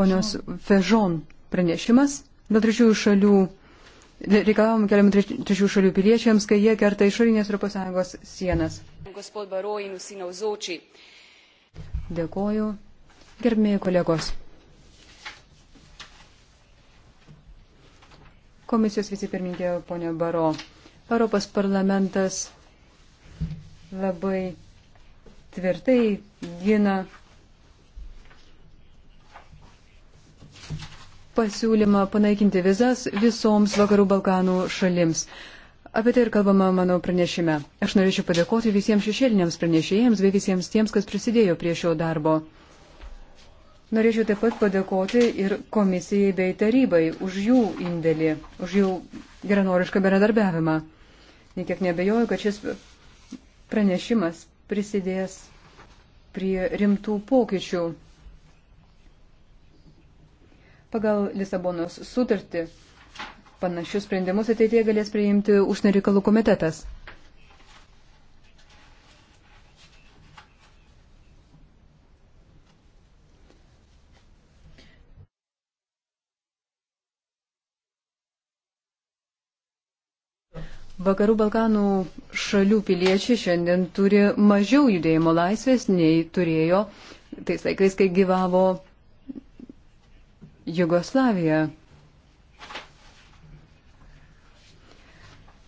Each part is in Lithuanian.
ponios Fežon pranešimas dėl trečiųjų šalių, reikalavimų keliamų trečiųjų šalių piliečiams, kai jie kerta išorinės Europos Sąjungos sienas. Dėkoju. Gerbėjai kolegos. Komisijos vicepirmininkė ponė Baro. Europos parlamentas labai tvirtai gina pasiūlymą panaikinti vizas visoms Vakarų Balkanų šalims. Apie tai ir kalbama mano pranešime. Aš norėčiau padėkoti visiems šešėliniams pranešėjams bei visiems tiems, kas prisidėjo prie šio darbo. Norėčiau taip pat padėkoti ir komisijai bei tarybai už jų indėlį, už jų geranorišką bendradarbiavimą. Niekiek nebejoju, kad šis pranešimas prisidės prie rimtų pokyčių Pagal Lisabonos sutartį panašius sprendimus ateitie galės priimti užsienio reikalų komitetas. Vakarų Balkanų šalių piliečiai šiandien turi mažiau judėjimo laisvės, nei turėjo tais laikais, kai gyvavo Jugoslaviją.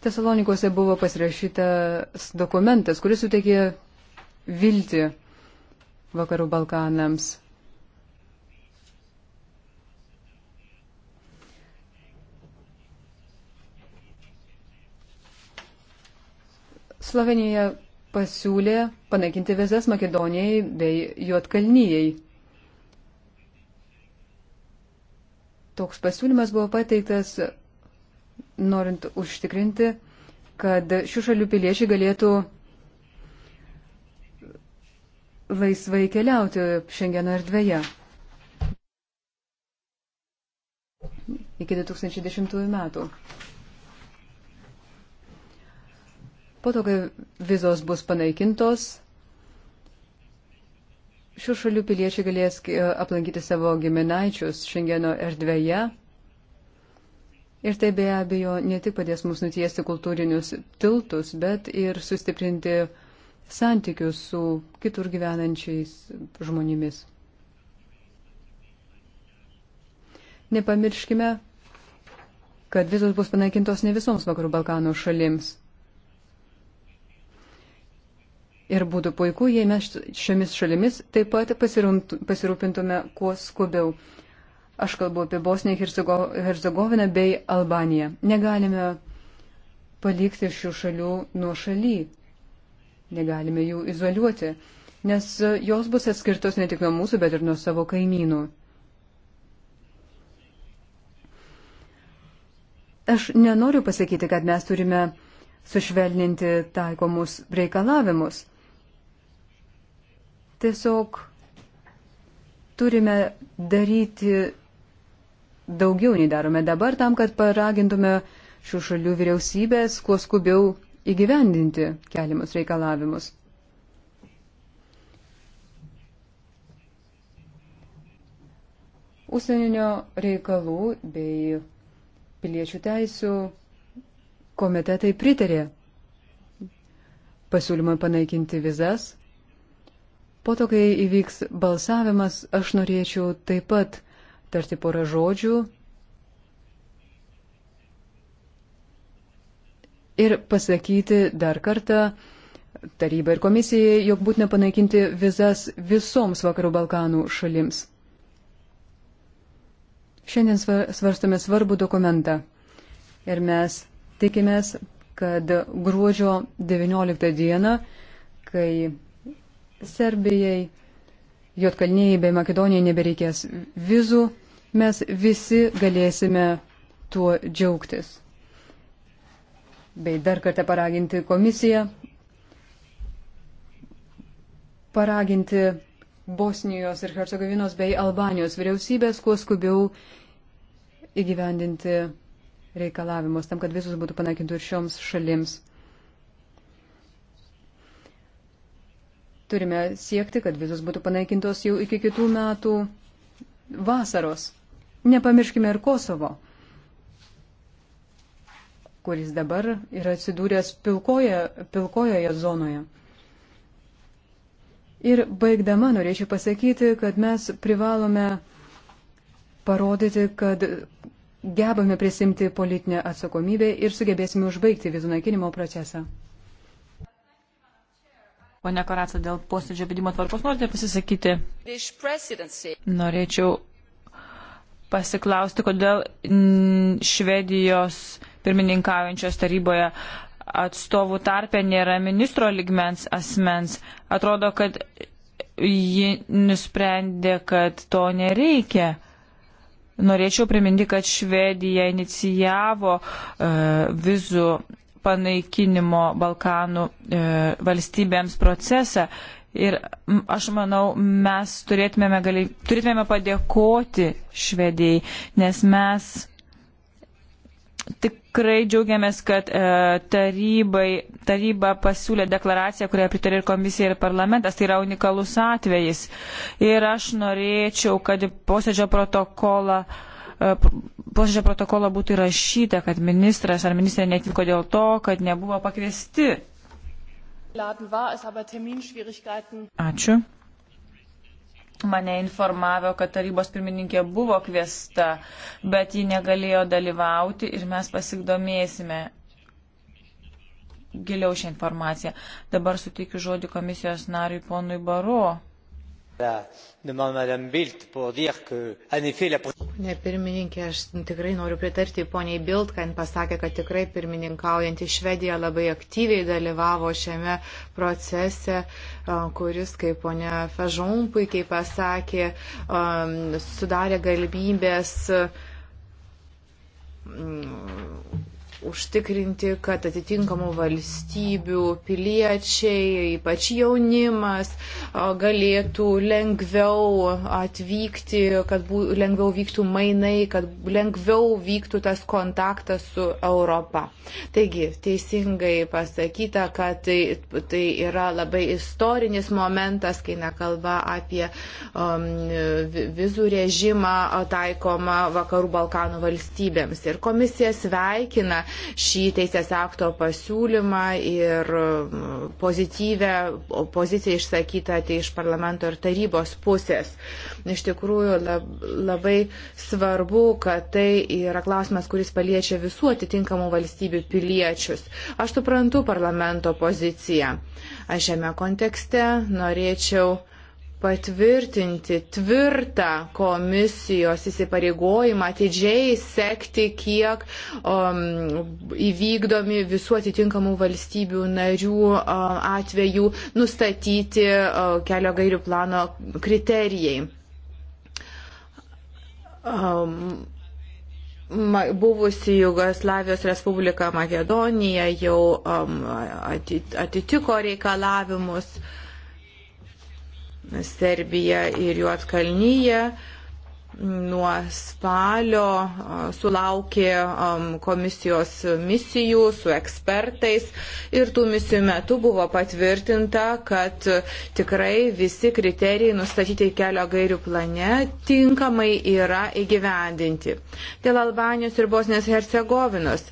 Tesalonikose buvo pasirašytas dokumentas, kuris suteikė viltį vakarų Balkanams. Slovenija pasiūlė panaikinti vizas Makedonijai bei Juotkalnyjei. Toks pasiūlymas buvo pateiktas, norint užtikrinti, kad šių šalių piliečiai galėtų laisvai keliauti šiandieno erdvėje. Iki 2010 metų. Po to, kai vizos bus panaikintos, šių šalių piliečiai galės e, aplankyti savo giminaičius Šengeno erdvėje. Ir tai be abejo ne tik padės mums nutiesti kultūrinius tiltus, bet ir sustiprinti santykius su kitur gyvenančiais žmonėmis. Nepamirškime, kad vizos bus panaikintos ne visoms Vakarų Balkanų šalims. Ir būtų puiku, jei mes šiomis šalimis taip pat pasirūpintume kuo skubiau. Aš kalbu apie Bosniją, Hercego, Hercegoviną bei Albaniją. Negalime palikti šių šalių nuo šaly. Negalime jų izoliuoti, nes jos bus atskirtos ne tik nuo mūsų, bet ir nuo savo kaimynų. Aš nenoriu pasakyti, kad mes turime sušvelninti taikomus reikalavimus. Tiesiog turime daryti daugiau nei darome dabar tam, kad paragintume šių šalių vyriausybės kuo skubiau įgyvendinti keliamus reikalavimus. Užsienio reikalų bei piliečių teisų komitetai pritarė pasiūlymą panaikinti vizas Po to, kai įvyks balsavimas, aš norėčiau taip pat tarti porą žodžių ir pasakyti dar kartą tarybai ir komisijai, jog būtina panaikinti vizas visoms Vakarų Balkanų šalims. Šiandien svarstome svarbų dokumentą ir mes tikimės, kad gruodžio 19 dieną, kai Serbijai, Jotkalnijai bei Makedonijai nebereikės vizų, mes visi galėsime tuo džiaugtis. Bei dar kartą paraginti komisiją, paraginti Bosnijos ir Hercegovinos bei Albanijos vyriausybės kuo skubiau įgyvendinti reikalavimus tam, kad visus būtų panaikintų ir šioms šalims. Turime siekti, kad vizos būtų panaikintos jau iki kitų metų vasaros. Nepamirškime ir Kosovo, kuris dabar yra atsidūręs pilkoje, pilkojoje zonoje. Ir baigdama norėčiau pasakyti, kad mes privalome parodyti, kad gebame prisimti politinę atsakomybę ir sugebėsime užbaigti vizų naikinimo procesą. Pone Koratsa, dėl posėdžio vedimo tvarkos norite pasisakyti? Norėčiau pasiklausti, kodėl Švedijos pirmininkaujančios taryboje atstovų tarpė nėra ministro ligmens asmens. Atrodo, kad ji nusprendė, kad to nereikia. Norėčiau priminti, kad Švedija inicijavo uh, vizų panaikinimo Balkanų e, valstybėms procesą. Ir aš manau, mes turėtumėme, gali, turėtumėme padėkoti Švedijai, nes mes tikrai džiaugiamės, kad e, tarybai, taryba pasiūlė deklaraciją, kurią pritarė ir komisija, ir parlamentas. Tai yra unikalus atvejis. Ir aš norėčiau, kad posėdžio protokolą e, E, posėdžio protokolo būtų įrašyta, kad ministras ar ministrė netvyko dėl to, kad nebuvo pakviesti. Ačiū. Mane informavo, kad tarybos pirmininkė buvo kviesta, bet ji negalėjo dalyvauti ir mes pasigdomėsime giliau šią informaciją. Dabar suteikiu žodį komisijos nariui ponui Baro. Ne pirmininkė, aš tikrai noriu pritarti poniai Bild, kad pasakė, kad tikrai pirmininkaujantį Švediją labai aktyviai dalyvavo šiame procese, kuris, kaip ponia Fažon puikiai pasakė, sudarė galimybės užtikrinti, kad atitinkamų valstybių piliečiai, ypač jaunimas, galėtų lengviau atvykti, kad bū, lengviau vyktų mainai, kad lengviau vyktų tas kontaktas su Europa. Taigi, teisingai pasakyta, kad tai, tai yra labai istorinis momentas, kai nekalba apie um, vizų režimą taikomą Vakarų Balkanų valstybėms. Ir komisija sveikina šį teisės akto pasiūlymą ir pozityvę poziciją išsakytą tai iš parlamento ir tarybos pusės. Iš tikrųjų labai svarbu, kad tai yra klausimas, kuris paliečia visų atitinkamų valstybių piliečius. Aš suprantu parlamento poziciją. Aš šiame kontekste norėčiau patvirtinti tvirtą komisijos įsipareigojimą, atidžiai sekti, kiek um, įvykdomi visų atitinkamų valstybių narių um, atvejų, nustatyti um, kelio gairių plano kriterijai. Um, buvusi Jugoslavijos Respublika Makedonija jau um, atitiko reikalavimus. Uh, Serbija ir Juotkalnyje nuo spalio sulaukė komisijos misijų su ekspertais ir tų misijų metu buvo patvirtinta, kad tikrai visi kriterijai nustatyti kelio gairių plane tinkamai yra įgyvendinti. Dėl Albanijos ir Bosnės Hercegovinos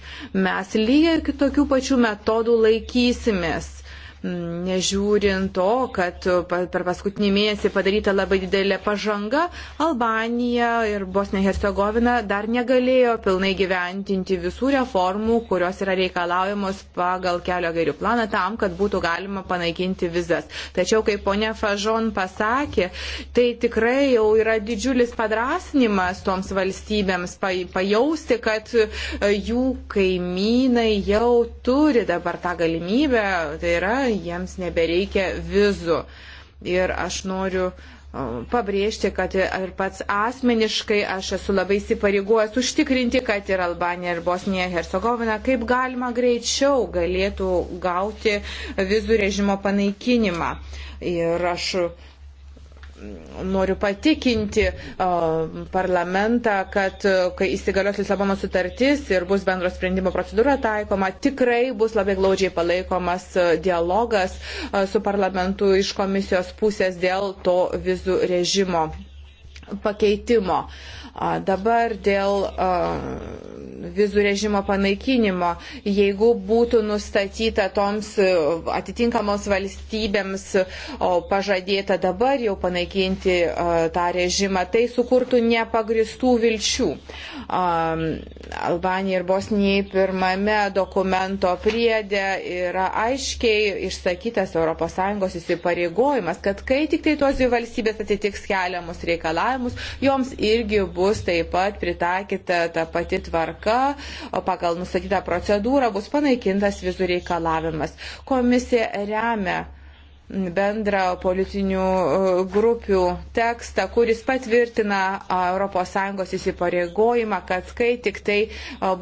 mes lygiai kitokių pačių metodų laikysimės Nežiūrint to, kad per paskutinį mėnesį padaryta labai didelė pažanga, Albanija ir Bosnija Hercegovina dar negalėjo pilnai gyventinti visų reformų, kurios yra reikalaujamos pagal kelio gairių planą tam, kad būtų galima panaikinti vizas. Tačiau, kaip ponia Fažon pasakė, tai tikrai jau yra didžiulis padrasnimas toms valstybėms pajausti, kad e, jų kaimynai jau turi dabar tą galimybę. Tai yra jiems nebereikia vizų. Ir aš noriu pabrėžti, kad ir pats asmeniškai aš esu labai įsipareigojęs užtikrinti, kad ir Albanija, ir Bosnija, ir Hercegovina kaip galima greičiau galėtų gauti vizų režimo panaikinimą. Ir aš noriu patikinti parlamentą, kad kai įsigalios Lisabono sutartis ir bus bendro sprendimo procedūra taikoma, tikrai bus labai glaudžiai palaikomas dialogas su parlamentu iš komisijos pusės dėl to vizų režimo pakeitimo. Dabar dėl vizų režimo panaikinimo, jeigu būtų nustatyta toms e, atitinkamos valstybėms pažadėta dabar jau panaikinti tą režimą, tai sukurtų nepagristų vilčių. Albanija ir Bosnijai pirmame dokumento priedė yra aiškiai išsakytas ES įsipareigojimas, kad kai tik tai tos dvi valstybės atitiks keliamus reikalavimus, joms irgi bus bus taip pat pritaikyta ta pati tvarka, o pagal nustatytą procedūrą bus panaikintas vizų reikalavimas. Komisija remia bendrą politinių e, grupių tekstą, kuris patvirtina ES įsipareigojimą, kad kai tik tai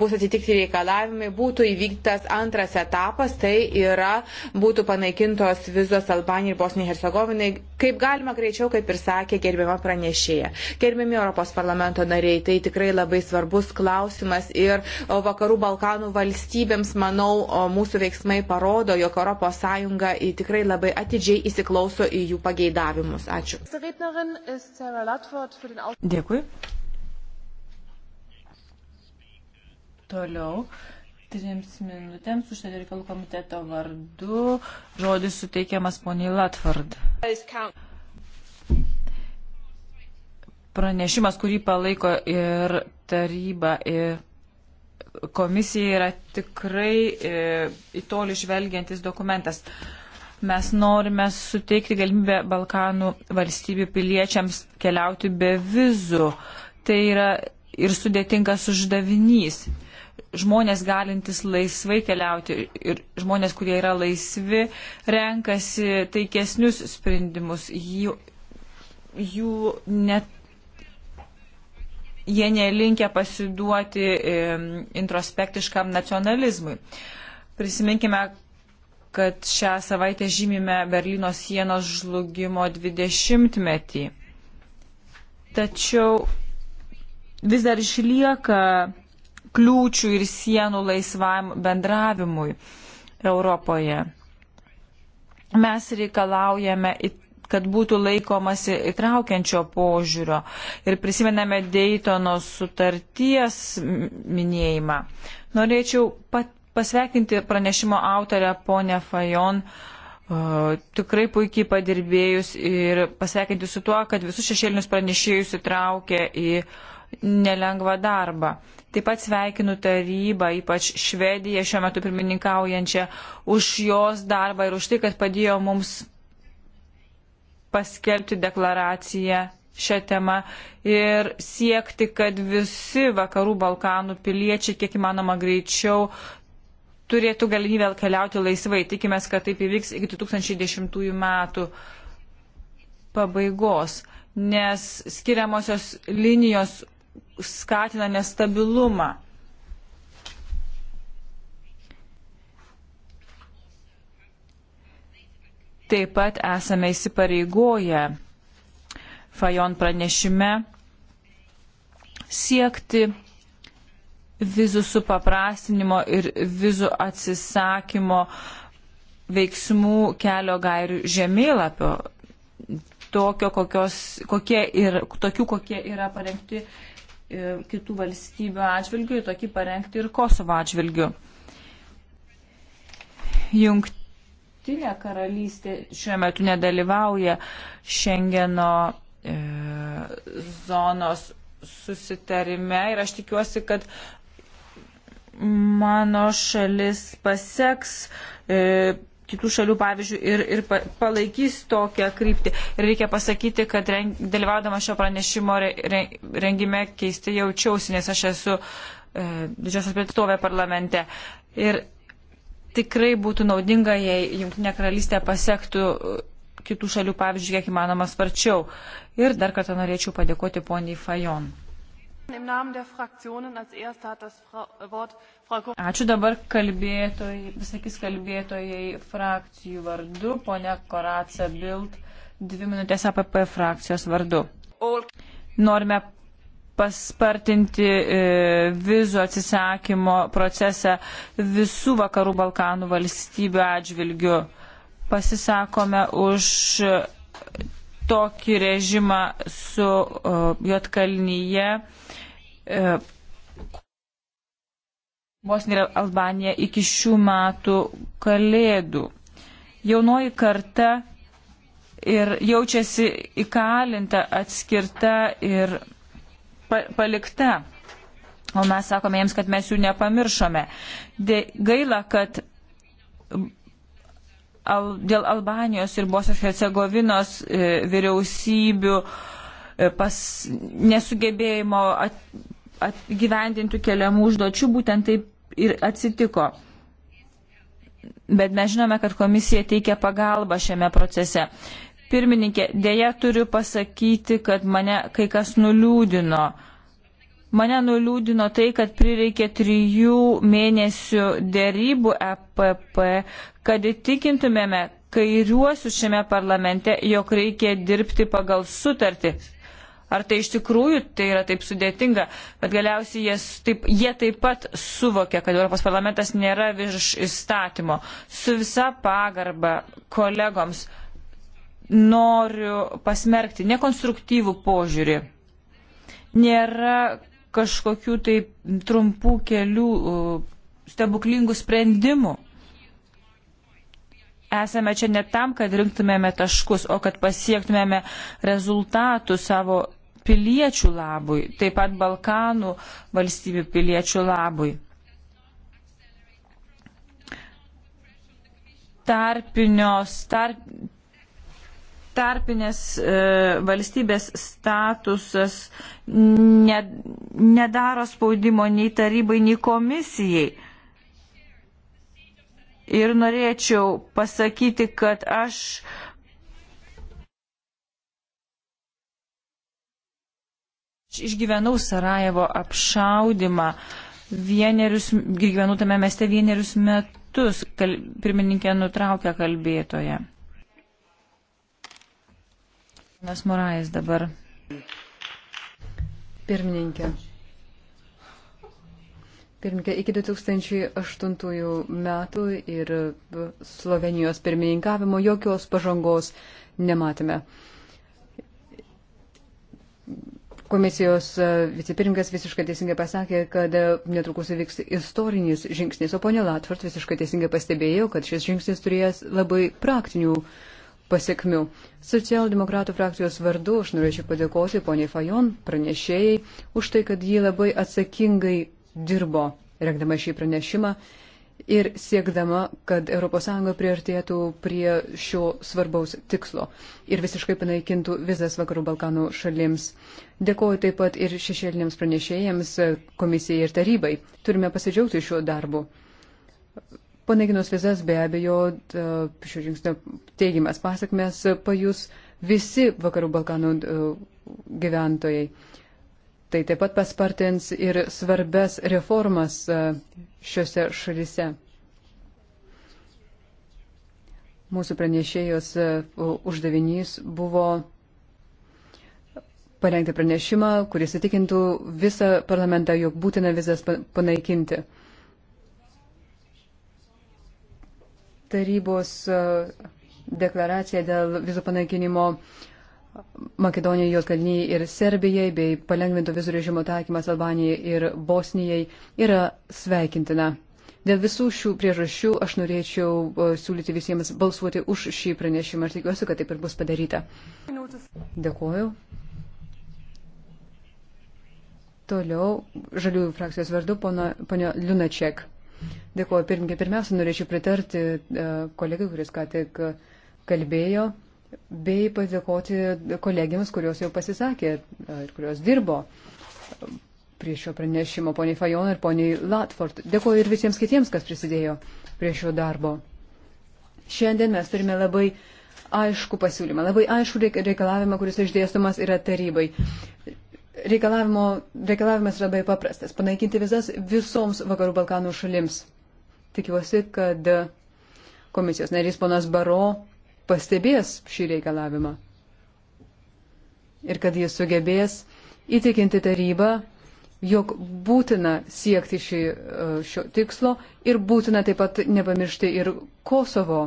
bus atitikti reikalavimai, būtų įvyktas antras etapas, tai yra būtų panaikintos vizos Albanijai ir Bosnijai Hercegovinai, kaip galima greičiau, kaip ir sakė gerbiama pranešėja. Gerbiami Europos parlamento nariai, tai tikrai labai svarbus klausimas ir vakarų Balkanų valstybėms, manau, mūsų veiksmai parodo, jog ES tikrai labai atitinka atidžiai įsiklauso į jų pageidavimus. Ačiū. Dėkui. Toliau. Trims minutėms užsienio reikalų komiteto vardu žodis suteikiamas poniai Latvard. Pranešimas, kurį palaiko ir taryba, ir komisija yra tikrai e, į tolį žvelgiantis dokumentas. E, Mes norime suteikti galimybę Balkanų valstybių piliečiams keliauti be vizų. Tai yra ir sudėtingas uždavinys. Žmonės galintys laisvai keliauti ir žmonės, kurie yra laisvi, renkasi taikesnius sprendimus. Jų, jų net jie nelinkia pasiduoti introspektiškam nacionalizmui. Prisiminkime, kad šią savaitę žymime Berlyno sienos žlugimo 20-metį. Tačiau vis dar išlieka kliūčių ir sienų laisvam bendravimui Europoje. Mes reikalaujame kad būtų laikomasi įtraukiančio požiūrio. Ir prisimename Daytono sutarties minėjimą. Norėčiau pat pasveikinti pranešimo autorę ponę Fajon. Uh, tikrai puikiai padirbėjus ir pasveikinti su tuo, kad visus šešėlinius pranešėjus įtraukė į nelengvą darbą. Taip pat sveikinu tarybą, ypač Švediją šiuo metu pirmininkaujančią, už jos darbą ir už tai, kad padėjo mums paskelbti deklaraciją šią temą ir siekti, kad visi vakarų Balkanų piliečiai kiek įmanoma greičiau turėtų galimybę keliauti laisvai. Tikimės, kad taip įvyks iki 2010 metų pabaigos, nes skiriamosios linijos skatina nestabilumą. Taip pat esame įsipareigoję Fajon pranešime siekti vizų supaprastinimo ir vizų atsisakymo veiksmų kelio gairių žemėlapio, tokio, kokios, kokie ir, tokių, kokie yra parengti e, kitų valstybių atžvilgių, tokį parengti ir Kosovo atžvilgių. Jungtinė karalystė šiuo metu nedalyvauja Šengeno e, zonos susitarime ir aš tikiuosi, kad mano šalis paseks e, kitų šalių pavyzdžių ir, ir palaikys tokią kryptį. Ir reikia pasakyti, kad reng, dalyvaudama šio pranešimo re, re, rengime keisti jaučiausi, nes aš esu e, didžiosios pietovė parlamente. Ir tikrai būtų naudinga, jei Junktinė karalystė pasiektų kitų šalių pavyzdžių kiek įmanoma sparčiau. Ir dar kartą norėčiau padėkoti poniai Fajon. Äh, Ačiū dabar kalbėtojai, visakys kalbėtojai frakcijų vardu, ponia Koracija Bild, dvi minutės APP frakcijos vardu. Norime paspartinti e, vizų atsisakymo procesą visų vakarų Balkanų valstybių atžvilgių. Pasisakome už tokį režimą su Jotkalnyje. Uh, E, Bosnija ir Albanija iki šių metų kalėdų. Jaunoji karta ir jaučiasi įkalinta, atskirta ir pa palikta. O mes sakome jiems, kad mes jų nepamiršome. De, gaila, kad al, dėl Albanijos ir Bosnijos Hercegovinos e, vyriausybių e, pas, nesugebėjimo at, gyvendintų keliamų užduočių, būtent taip ir atsitiko. Bet mes žinome, kad komisija teikia pagalbą šiame procese. Pirmininkė, dėja turiu pasakyti, kad mane kai kas nuliūdino. Mane nuliūdino tai, kad prireikė trijų mėnesių dėrybų EPP, kad įtikintumėme kairiuosius šiame parlamente, jog reikia dirbti pagal sutartį. Ar tai iš tikrųjų tai yra taip sudėtinga, bet galiausiai jie taip, jie taip pat suvokia, kad Europos parlamentas nėra virš įstatymo. Su visa pagarba kolegoms noriu pasmerkti nekonstruktyvų požiūrį. Nėra kažkokių tai trumpų kelių uh, stebuklingų sprendimų. Esame čia ne tam, kad rinktumėme taškus, o kad pasiektumėme rezultatų savo piliečių labui, taip pat Balkanų valstybių piliečių labui. Tarpinios, tarp, tarpinės e, valstybės statusas ne, nedaro spaudimo nei tarybai, nei komisijai. Ir norėčiau pasakyti, kad aš e, išgyvenau Sarajevo apšaudimą, vienerius, gyvenu tame mieste vienerius metus, kal, pirmininkė nutraukė kalbėtoje. Nes Morais dabar. Pirmininkė. Pirmininkė, iki 2008 metų ir Slovenijos pirmininkavimo jokios pažangos nematėme. Komisijos e, vicepirinkas visiškai teisingai pasakė, kad e, netrukus įvyks istorinis žingsnis, o ponė Latvart visiškai teisingai pastebėjo, kad šis žingsnis turėjęs labai praktinių pasiekmių. Socialdemokratų frakcijos vardu aš norėčiau padėkoti poniai Fajon pranešėjai už tai, kad ji labai atsakingai dirbo, rengdama šį pranešimą ir siekdama, kad ES priartėtų prie šio svarbaus tikslo ir visiškai panaikintų vizas Vakarų Balkanų šalims. Dėkoju taip pat ir šešėliniams pranešėjams, komisijai ir tarybai. Turime pasidžiaugti šiuo darbu. Panaikinus vizas be abejo, šio žingsnio teigiamas pasakmes pajus visi Vakarų Balkanų gyventojai. Tai taip pat paspartins ir svarbes reformas e, šiuose šalise. Mūsų pranešėjos e, uždavinys buvo parengti pranešimą, kuris įtikintų visą parlamentą, jog būtina vizas panaikinti. Tarybos e, deklaracija dėl vizų panaikinimo uh, Makedonijai, Jotkalnyje ir Serbijai bei palengvinto vizų režimo taikymas Albanijai ir Bosnijai yra sveikintina. Dėl visų šių priežasčių aš norėčiau e, siūlyti visiems balsuoti už šį pranešimą. Aš tikiuosi, kad taip ir bus padaryta. Dėkuoju. Toliau žaliųjų frakcijos vardu pono, ponio Liunaček. Dėkuoju pirmininkė. Pirmiausia, norėčiau pritarti e, kolegai, kuris ką tik kalbėjo bei padėkoti kolegiams, kurios jau pasisakė e, ir kurios dirbo prie šio pranešimo, poniai Fajon ir poniai Latford. Dėkoju ir visiems kitiems, kas prisidėjo prie šio darbo. Šiandien mes turime labai aišku pasiūlymą, labai aišku reikalavimą, kuris išdėstomas yra tarybai. Reikalavimas labai paprastas - panaikinti vizas visoms Vakarų Balkanų šalims. Tikiuosi, kad komisijos narys ponas Baro pastebės šį reikalavimą ir kad jis sugebės įtikinti tarybą, jog būtina siekti šį, e, šio tikslo ir būtina taip pat nepamiršti ir Kosovo.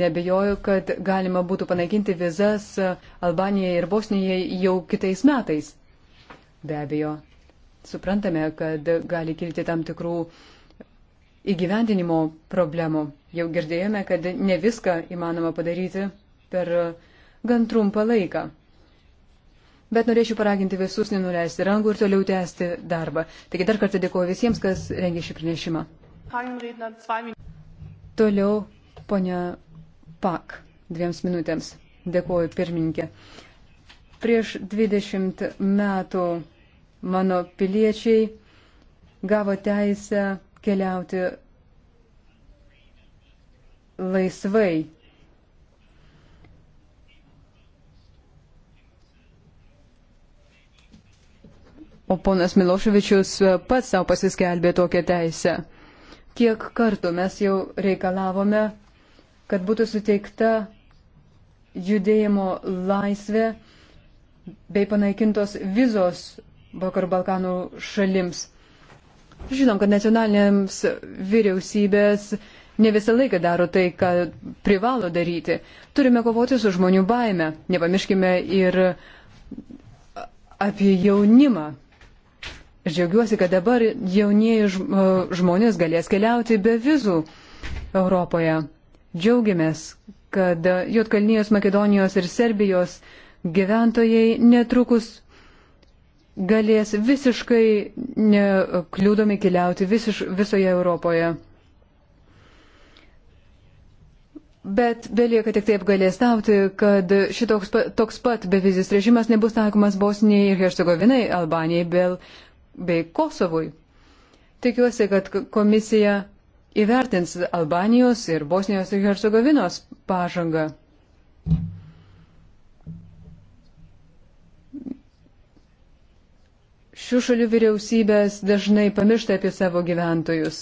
Nebejoju, kad galima būtų panaikinti vizas e, Albanijai ir Bosnijai jau kitais metais. Be abejo, suprantame, kad gali kilti tam tikrų uh, įgyvendinimo problemų. Jau girdėjome, kad ne viską įmanoma padaryti per gan trumpą laiką. Bet norėčiau paraginti visus nenuleisti rankų ir toliau tęsti darbą. Taigi dar kartą dėkuoju visiems, kas rengė šį pranešimą. Toliau ponia Pak, dviems minutėms. Dėkuoju pirmininkė. Prieš 20 metų mano piliečiai gavo teisę keliauti laisvai. O ponas Miloševičius pats savo pasiskelbė tokią teisę. Kiek kartų mes jau reikalavome, kad būtų suteikta judėjimo laisvė bei panaikintos vizos Vakarų Balkanų šalims. Žinom, kad nacionalinėms vyriausybės ne visą laiką daro tai, ką privalo daryti. Turime kovoti su žmonių baime. Nepamirškime ir apie jaunimą. Aš džiaugiuosi, kad dabar jaunieji žmonės galės keliauti be vizų Europoje. Džiaugiamės, kad Jotkalnijos, Makedonijos ir Serbijos gyventojai netrukus galės visiškai nekliūdomi keliauti visiš, visoje Europoje. Bet belieka tik taip galėstauti, kad šitoks toks pat bevizis režimas nebus taikomas Bosnijai ir Hercegovinai, Albanijai bel, bei Kosovui. Tikiuosi, kad komisija įvertins Albanijos ir Bosnijos ir Hercegovinos pažangą. Šių šalių vyriausybės dažnai pamiršta apie savo gyventojus.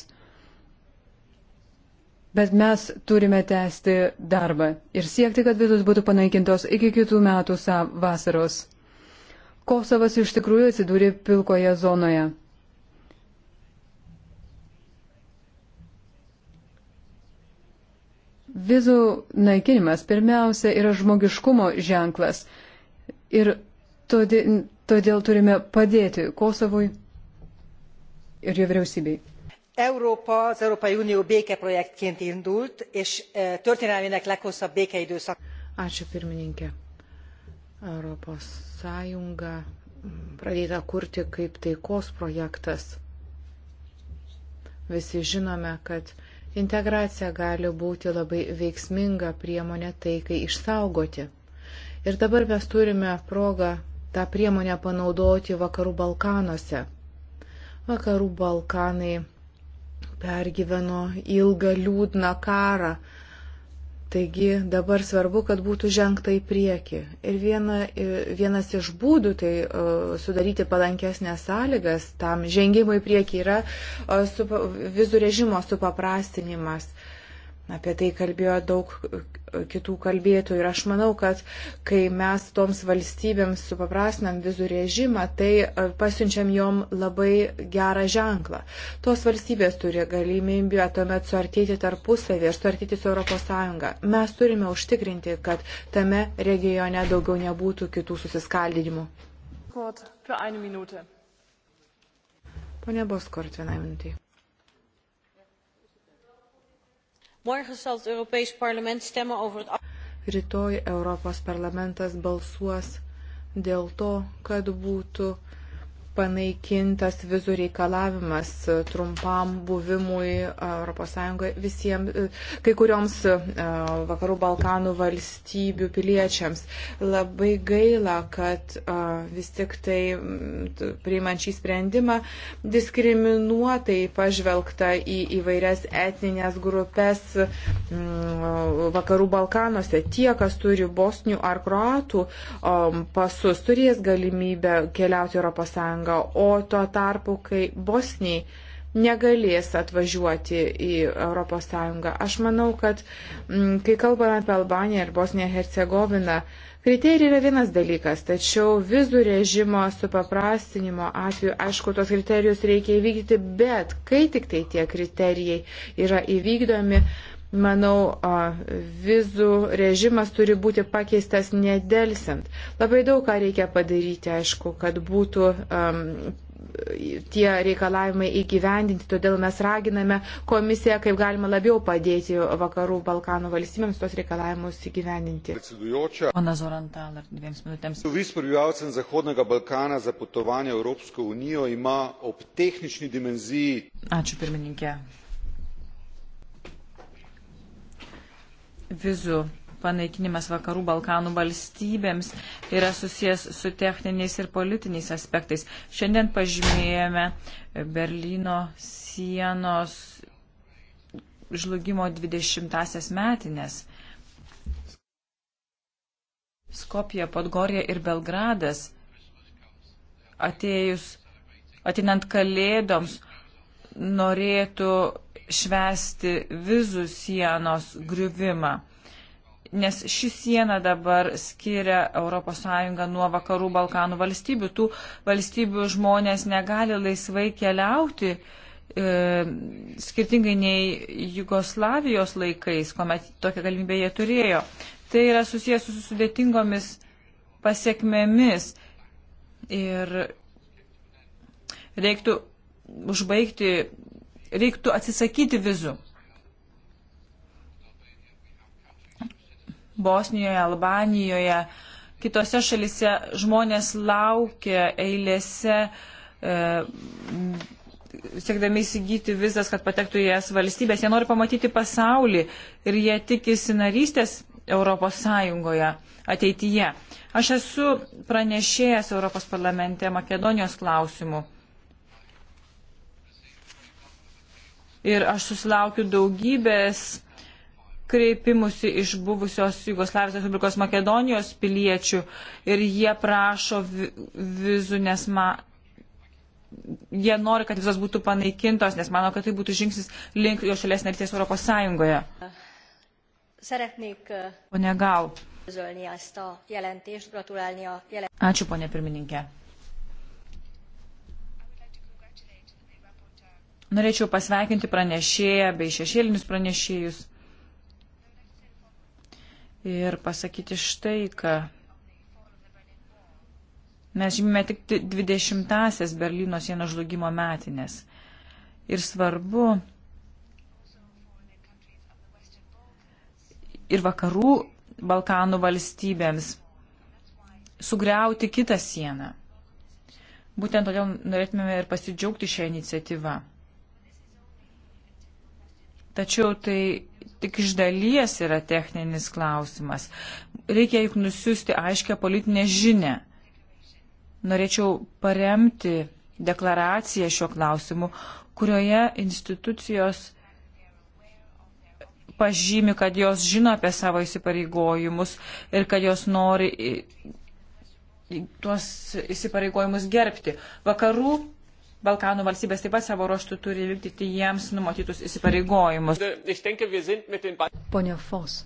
Bet mes turime tęsti darbą ir siekti, kad vizos būtų panaikintos iki kitų metų vasaros. Kosovas iš tikrųjų atsidūrė pilkoje zonoje. Vizų naikinimas pirmiausia yra žmogiškumo ženklas ir todėl Todėl turime padėti Kosovui ir jo vyriausybei. Európa az Európai Unió békeprojektként indult, és e, történelmének leghosszabb békeidőszak. Ačiū pirmininkė. Europos Sąjunga pradėta kurti kaip taikos projektas. Visi žinome, kad integracija gali būti labai veiksminga priemonė taikai išsaugoti. Ir dabar mes turime progą tą priemonę panaudoti Vakarų Balkanuose. Vakarų Balkanai pergyveno ilgą liūdną karą. Taigi dabar svarbu, kad būtų žengta į priekį. Ir viena, vienas iš būdų tai sudaryti palankesnės sąlygas tam žengimui į priekį yra su, vizų režimo supaprastinimas. Apie tai kalbėjo daug e, kitų kalbėtojų. Ir aš manau, kad kai mes toms valstybėms supaprasnam vizų režimą, tai e, pasiunčiam jom labai gerą ženklą. Tos valstybės turi galimybę tuomet suartyti tarpusavį ir suartyti su ES. Mes turime užtikrinti, kad tame regione daugiau nebūtų kitų susiskaldinimų. Pone Boskort, vieną minutį. Morgen zal het Europees Parlement stemmen over het. Rytoj Europos parlamentas balsuos dėl to, kad būtų panaikintas vizų reikalavimas trumpam buvimui ES visiems, e, kai kurioms e, vakarų Balkanų valstybių piliečiams. Labai gaila, kad vis tik tai priimant šį sprendimą diskriminuotai pažvelgta į įvairias etninės grupės vakarų Balkanuose. Tie, kas turi bosnių ar kroatų pasus, turės galimybę keliauti ES o tuo tarpu, kai Bosniai negalės atvažiuoti į ES. Aš manau, kad mm, kai kalbame apie Albaniją ir Bosniją Hercegoviną, kriterijai yra vienas dalykas, tačiau vizų režimo supaprastinimo atveju, aišku, tos kriterijus reikia įvykdyti, bet kai tik tai tie kriterijai yra įvykdomi, manau, vizų režimas turi būti pakeistas nedelsiant. Labai daug ką reikia padaryti, aišku, kad būtų um, tie reikalavimai įgyvendinti, todėl mes raginame komisiją, kaip galima labiau padėti vakarų Balkanų valstybėms tos reikalavimus įgyvendinti. Pana Zorantal, ar dviems minutėms. Vis prebivalcem Zahodnega Balkana za potovanje Europsko unijo ima ob tehnični dimenziji. Ačiū pirmininkė. vizų panaikinimas Vakarų Balkanų valstybėms yra susijęs su techniniais ir politiniais aspektais. Šiandien pažymėjome Berlyno sienos žlugimo 20-asias metinės. Skopija, Podgorija ir Belgradas atėjus, atinant kalėdoms, norėtų švesti vizų sienos griuvimą. Nes ši siena dabar skiria ES nuo vakarų Balkanų valstybių. Tų valstybių žmonės negali laisvai keliauti, e, skirtingai nei Jugoslavijos laikais, kuomet tokią galimybę jie turėjo. Tai yra susijęs su sudėtingomis pasiekmėmis ir reiktų užbaigti reiktų atsisakyti vizų. Bosnijoje, Albanijoje, kitose šalise žmonės laukia eilėse, e, siekdami įsigyti vizas, kad patektų į jas valstybės. Jie nori pamatyti pasaulį ir jie tikisi narystės Europos Sąjungoje ateityje. Aš esu pranešėjęs Europos parlamente Makedonijos klausimų. ir aš susilaukiu daugybės kreipimusi iš buvusios Jugoslavijos Respublikos Makedonijos piliečių ir jie prašo vizų, nes ma, jie nori, kad vizos būtų panaikintos, nes mano, kad tai būtų žingsnis link jo šalies narystės Europos Sąjungoje. Uh, pone Gal. Ačiū, ponė pirmininkė. Norėčiau pasveikinti pranešėją bei šešėlinius pranešėjus ir pasakyti štai, kad mes žymime tik 20-asias Berlyno sienos žlugimo metinės. Ir svarbu ir vakarų Balkanų valstybėms sugriauti kitą sieną. Būtent todėl norėtume ir pasidžiaugti šią iniciatyvą. Tačiau tai tik iš dalies yra techninis klausimas. Reikia juk nusiųsti aiškę politinę žinę. Norėčiau paremti deklaraciją šiuo klausimu, kurioje institucijos pažymi, kad jos žino apie savo įsipareigojimus ir kad jos nori tuos įsipareigojimus gerbti. Vakarų Balkanų valstybės taip pat savo ruoštų turi vykdyti jiems numatytus įsipareigojimus. Pone Fos.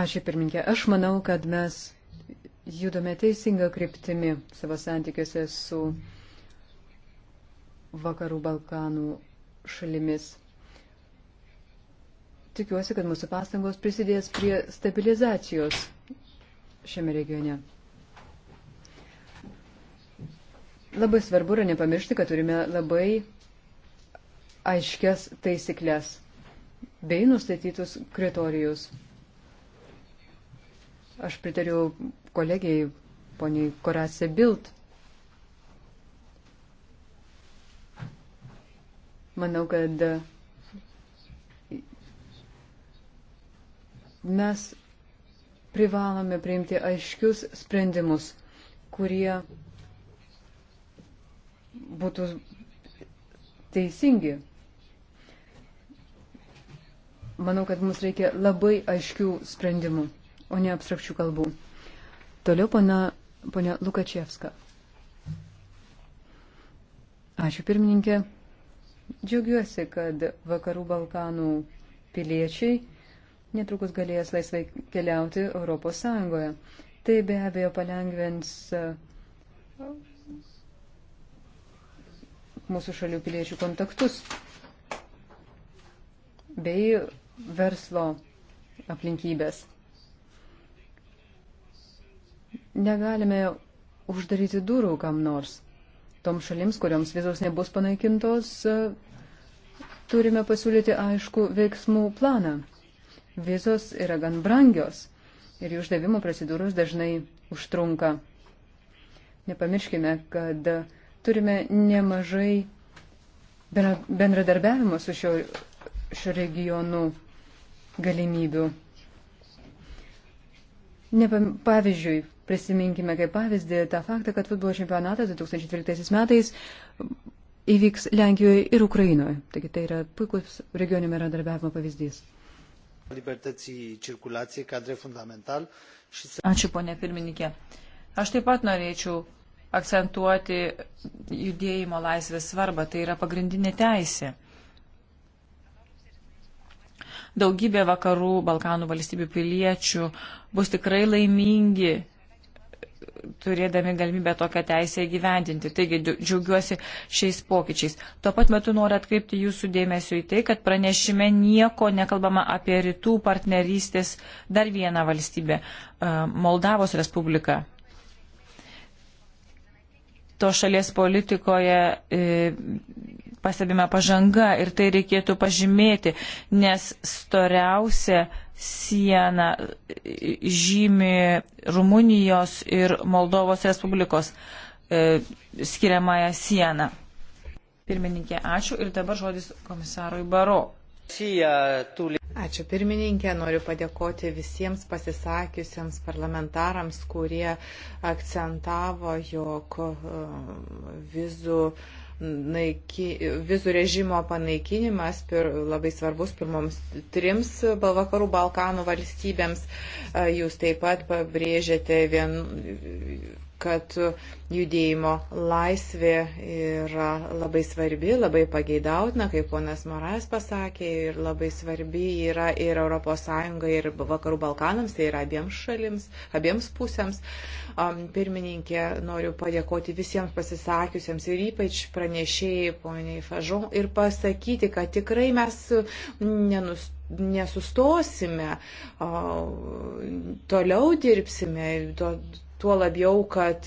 Ačiū pirminkė. Aš manau, kad mes judame teisinga kryptimi savo santykiuose su vakarų Balkanų šalimis. Tikiuosi, kad mūsų pastangos prisidės prie stabilizacijos šiame regione. Labai svarbu yra nepamiršti, kad turime labai aiškias taisyklės bei nustatytus kriterijus. Aš pritariu kolegijai poniai Korase Bild. Manau, kad mes privalome priimti aiškius sprendimus, kurie būtų teisingi. Manau, kad mums reikia labai aiškių sprendimų, o ne abstrakčių kalbų. Toliau pana, pana Lukačievska. Ačiū pirmininkė. Džiaugiuosi, kad vakarų Balkanų piliečiai netrukus galės laisvai keliauti Europos Sąjungoje. Tai be abejo palengvins mūsų šalių piliečių kontaktus bei verslo aplinkybės. Negalime uždaryti durų kam nors. Tom šalims, kuriuoms vizos nebus panaikintos, turime pasiūlyti aišku veiksmų planą. Vizos yra gan brangios ir jų uždavimo procedūros dažnai užtrunka. Nepamirškime, kad turime nemažai bendradarbiavimo su šio, šio regionu galimybių. Ne, pavyzdžiui, prisiminkime kaip pavyzdį tą faktą, kad futbolo čempionatas 2012 metais įvyks Lenkijoje ir Ukrainoje. Taigi tai yra puikus regioninio bendradarbiavimo pavyzdys. Ačiū, ponė pirmininkė. Aš taip pat norėčiau akcentuoti judėjimo laisvės svarbą. Tai yra pagrindinė teisė. Daugybė vakarų Balkanų valstybių piliečių bus tikrai laimingi turėdami galimybę tokią teisę įgyvendinti. Taigi džiaugiuosi šiais pokyčiais. Tuo pat metu noriu atkreipti jūsų dėmesio į tai, kad pranešime nieko nekalbama apie rytų partnerystės dar vieną valstybę e, - Moldavos Respubliką to šalies politikoje e, pastebime pažanga ir tai reikėtų pažymėti, nes storiausia siena e, žymi Rumunijos ir Moldovos Respublikos e, skiriamąją sieną. Pirmininkė, ačiū ir dabar žodis komisarui Baro. Ačiū pirmininkė, noriu padėkoti visiems pasisakiusiems parlamentarams, kurie akcentavo, jog um, vizų, naiki, vizų režimo panaikinimas pir, labai svarbus pirmoms trims vakarų Balkanų valstybėms. Jūs taip pat pabrėžėte vien, kad judėjimo laisvė yra labai svarbi, labai pageidautina, kaip ponas Moras pasakė, ir labai svarbi yra ir ES, ir Vakarų Balkanams, tai yra abiems šalims, abiems pusėms. Pirmininkė, noriu padėkoti visiems pasisakiusiems ir ypač pranešėjai, poniai Fažon, ir pasakyti, kad tikrai mes nenustojame nesustosime, o, toliau dirbsime, to, tuo labiau, kad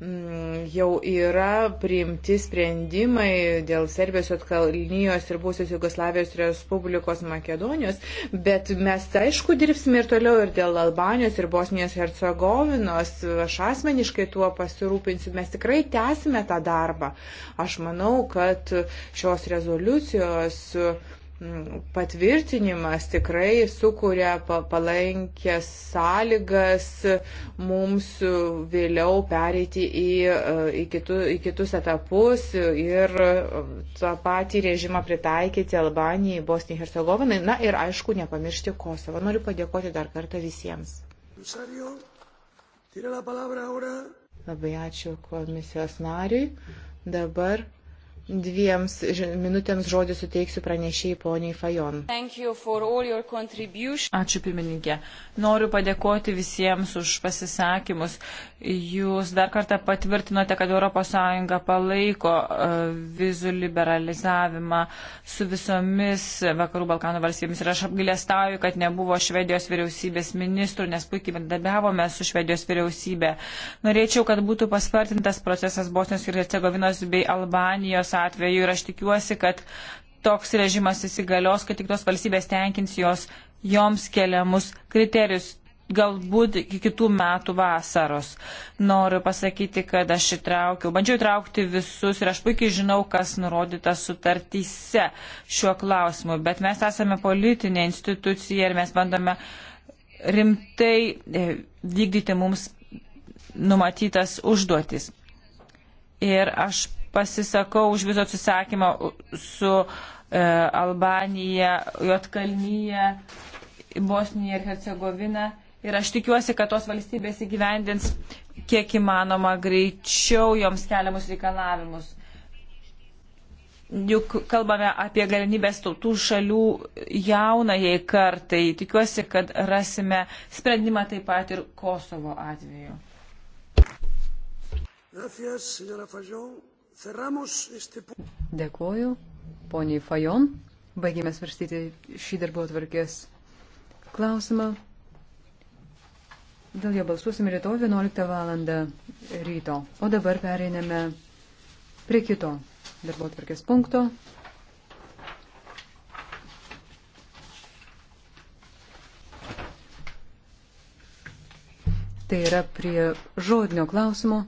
mm, jau yra priimti sprendimai dėl Serbijos, Jotkalnyjos ir būsios Jugoslavijos Respublikos Makedonijos, bet mes aišku dirbsime ir toliau ir dėl Albanijos ir Bosnijos Hercegovinos, aš asmeniškai tuo pasirūpinsiu, mes tikrai tęsime tą darbą. Aš manau, kad šios rezoliucijos uh, patvirtinimas tikrai sukuria palankės sąlygas mums vėliau pereiti į, e, į, kitu, į kitus etapus ir e, tą patį režimą pritaikyti Albanijai, Bosnijai, Hercegovinai. Na ir aišku, nepamiršti Kosovo. Noriu padėkoti dar kartą visiems. Labai ačiū komisijos nariui. Dabar Dviems minutėms žodį suteiksiu pranešėjai poniai Fajon. Ačiū pirmininkė. Noriu padėkoti visiems už pasisakymus. Jūs dar kartą patvirtinote, kad ES palaiko e, vizų liberalizavimą su visomis Vakarų Balkanų valstybėmis. Ir aš apgailestauju, kad nebuvo Švedijos vyriausybės ministrų, nes puikiai bendradarbiavome su Švedijos vyriausybė. Norėčiau, kad būtų paspartintas procesas Bosnijos ir Hercegovinos bei Albanijos atveju ir aš tikiuosi, kad toks režimas įsigalios, kad tik tos valstybės tenkins jos joms keliamus kriterijus galbūt iki kitų metų vasaros. Noriu pasakyti, kad aš įtraukiau, bandžiau įtraukti visus ir aš puikiai žinau, kas nurodyta sutartyse šiuo klausimu, bet mes esame politinė institucija ir mes bandome rimtai e, vykdyti mums numatytas užduotis. Ir aš pasisakau už vizų atsisakymą su e, Albanija, Jotkalnyje, Bosnija ir Hercegovina. Ir aš tikiuosi, kad tos valstybės įgyvendins kiek įmanoma greičiau joms keliamus reikalavimus. Juk kalbame apie galimybės tautų šalių jaunajai kartai. Tikiuosi, kad rasime sprendimą taip pat ir Kosovo atveju. Gracias, señora Fajon. Dėkuoju, poniai Fajon. Baigėme svarstyti šį darbo atvarkės klausimą. Dėl jo balsuosime rytoj 11 val. ryto. O dabar pereiname prie kito darbo atvarkės punkto. Tai yra prie žodinio klausimo